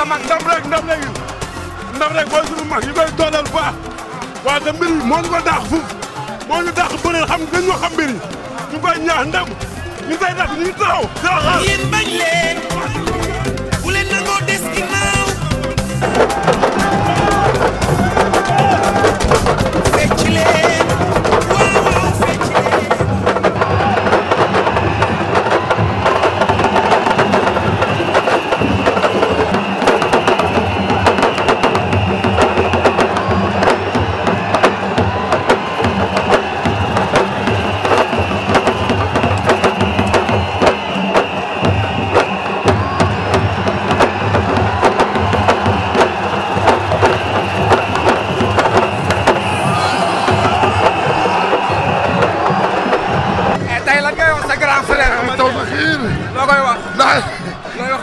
sa mag ndam rek ndam rek ndam rek booy suñu mag yi koy dooleel baax waaye te mbir yi moo ñu ko daax fuuf moo ñu daax bëreel xam gën ñoo xam mbir yi ñu a ñaax ndam ñu tay daf ñu ngi taxaw. yéen bañ leen.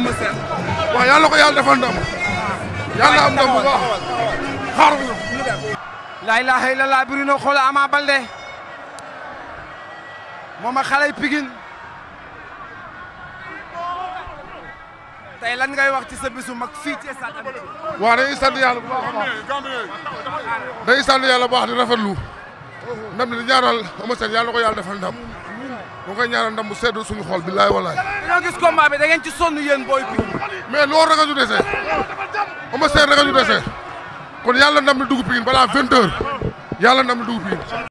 Eumeu Sène waaw yàlla ko yàlla defal ndam yàlla am ndam bu baax xaaral la ilaha illallah biri no xoola Ama Baldé moom a xaley Pikine lan ngay wax ci sa bisu mag fii ci stade waaw dañuy sant yàlla bu baax baax dañuy sant yàlla ndam li ñaanal Eumeu Sène yàlla na ko yàlla ndam bu koy ñaanal ndam bu seddu suñu xol billaay walaay. dañoo gis combat bi da ngeen ci sonn yéen booy bi. mais loolu rek a ñu dese Eumeu Sène rek a ñu dese kon yàlla ndam li dugg Pikine balaa 20 heures yàlla ndam li dugg Pikine.